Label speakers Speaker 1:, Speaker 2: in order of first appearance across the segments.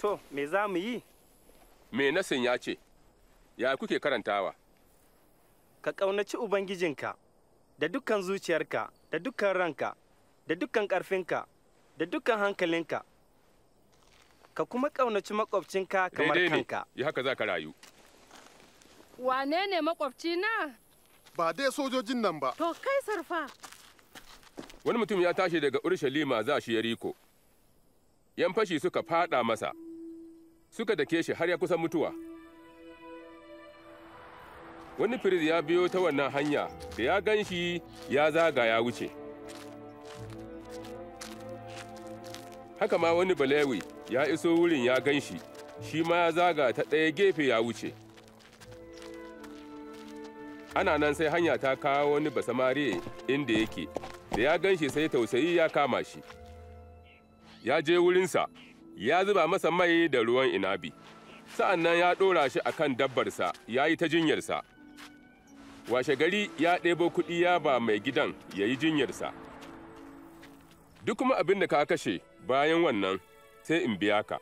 Speaker 1: To, me za mu yi? Me nasin ya ce, ya kuke karantawa? Ka ƙaunaci Ubangijinka da dukkan zuciyarka, da dukkan ranka, da dukkan ƙarfinka, da dukkan hankalinka. Ka kuma ƙaunaci maƙwabcinka kamar kanka. Ya haka za ka rayu. Wane ne maƙwabcina? Ba dai sojojin nan ba. To, kai sarfa. Wani mutum ya tashi daga Urushalima za shi ya riko. ‘Yan fashi suka fada masa. suka dake shi har ya kusa mutuwa. Wani firiz ya biyo ta wannan hanya da ya gan shi ya zaga ya wuce. Haka ma wani balewi ya iso wurin ya gan shi, shi ma ya zaga ta ɗaya gefe ya wuce. Ana nan sai hanya ta kawo wani basamare inda yake, da ya gan shi sai tausayi ya kama shi. Ya je wurinsa. ya zuba masa mai da ruwan inabi, sa'an nan ya ɗora shi a kan dabbarsa ya yi ta jinyarsa. Washe gari ya ɗebo kuɗi ya ba mai gidan ya yi jinyarsa. Duk kuma abin da ka kashe bayan wannan sai in biya ka.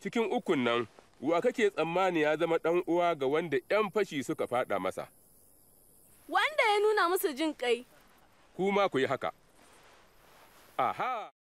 Speaker 1: Cikin ukun nan, wa kake tsammani ya zama ɗan uwa ga wanda ‘yan fashi suka faɗa masa? Wanda ya nuna musu jin kai. Kuma ku yi haka. 啊哈